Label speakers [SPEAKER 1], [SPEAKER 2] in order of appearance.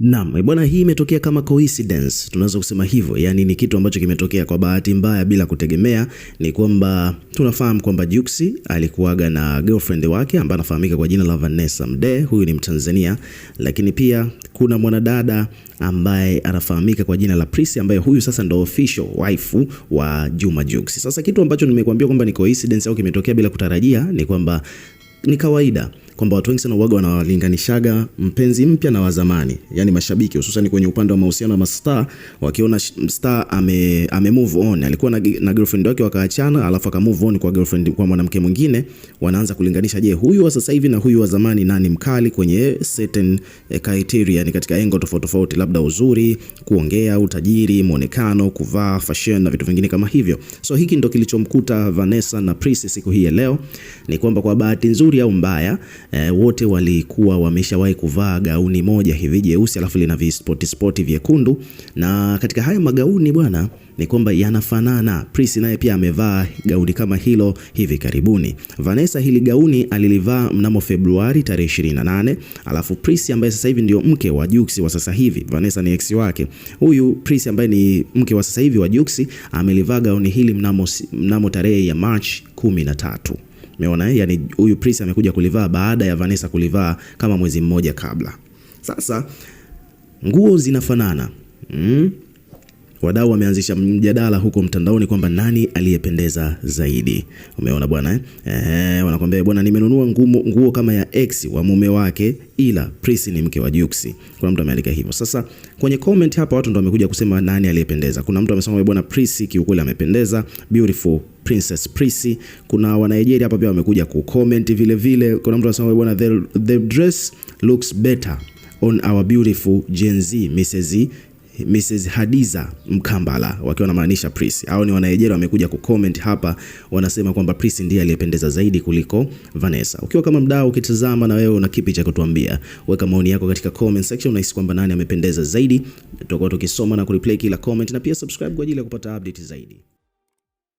[SPEAKER 1] Naam, eh, bwana, hii imetokea kama coincidence, tunaweza kusema hivyo, yaani ni kitu ambacho kimetokea kwa bahati mbaya bila kutegemea. Ni kwamba tunafahamu kwamba Jux alikuwaga na girlfriend wake ambaye anafahamika kwa jina la Vanessa Mdee, huyu ni Mtanzania, lakini pia kuna mwanadada ambaye anafahamika kwa jina la Prisi ambaye huyu sasa ndo official wife wa Juma Jux. Sasa kitu ambacho nimekuambia kwamba ni coincidence au kimetokea bila kutarajia ni kwamba ni kawaida kwamba watu wengi sana uwaga wanawalinganishaga mpenzi mpya na wazamani, yani mashabiki hususan kwenye upande wa mahusiano ya mastaa, wakiona star ame, ame move on, alikuwa na, na girlfriend wake wakaachana, alafu aka move on kwa girlfriend kwa mwanamke mwingine, wanaanza kulinganisha, je, huyu wa sasa hivi na huyu wa zamani nani mkali kwenye certain eh, criteria, yani katika engo tofauti tofauti, labda uzuri, kuongea, utajiri, muonekano, kuvaa, fashion na vitu vingine kama hivyo. So hiki ndo kilichomkuta Vanessa na Pris siku hii ya leo, ni kwamba kwa bahati nzuri au mbaya e, wote walikuwa wameshawahi kuvaa gauni moja hivi jeusi alafu lina vispoti spoti vyekundu, na katika haya magauni bwana ni kwamba yanafanana. Prince naye pia amevaa gauni kama hilo hivi karibuni. Vanessa hili gauni alilivaa mnamo Februari tarehe 28, alafu Prince ambaye sasa hivi ndio mke wa Jux wa sasa hivi, Vanessa ni ex wake. Huyu Prince ambaye ni mke wa sasa hivi wa Jux amelivaa gauni hili mnamo, mnamo tarehe ya March 13. Umeona eh? Yani huyu Pris amekuja kulivaa baada ya Vanessa kulivaa kama mwezi mmoja kabla. Sasa nguo zinafanana mm? wadau wameanzisha mjadala huko mtandaoni kwamba nani aliyependeza zaidi. Umeona bwana eh? Eh, wanakwambia bwana, nimenunua nguo kama ya X wa mume wake, ila Prisi ni mke wa Juksi. Kuna mtu ameandika hivyo. Sasa kwenye comment hapa watu ndo wamekuja kusema nani aliyependeza. Kuna mtu amesema bwana, Prisi kiukweli amependeza, beautiful Princess Prissy. Kuna Wanaijeria hapa pia wamekuja ku comment vile vile. Kuna mtu anasema bwana, the, the dress looks better on our beautiful Gen Z Mrs Mrs Hadiza Mkambala wakiwa wanamaanisha Pris. Hao ni wanaijeria wamekuja kucomment hapa, wanasema kwamba Pris ndiye aliyependeza zaidi kuliko Vanessa. Ukiwa kama mdau ukitazama, na wewe una kipi cha kutuambia? Weka maoni yako katika comment section. Unahisi kwamba nani amependeza zaidi? Tutakuwa tukisoma na kureply kila comment, na pia subscribe kwa ajili ya kupata update zaidi.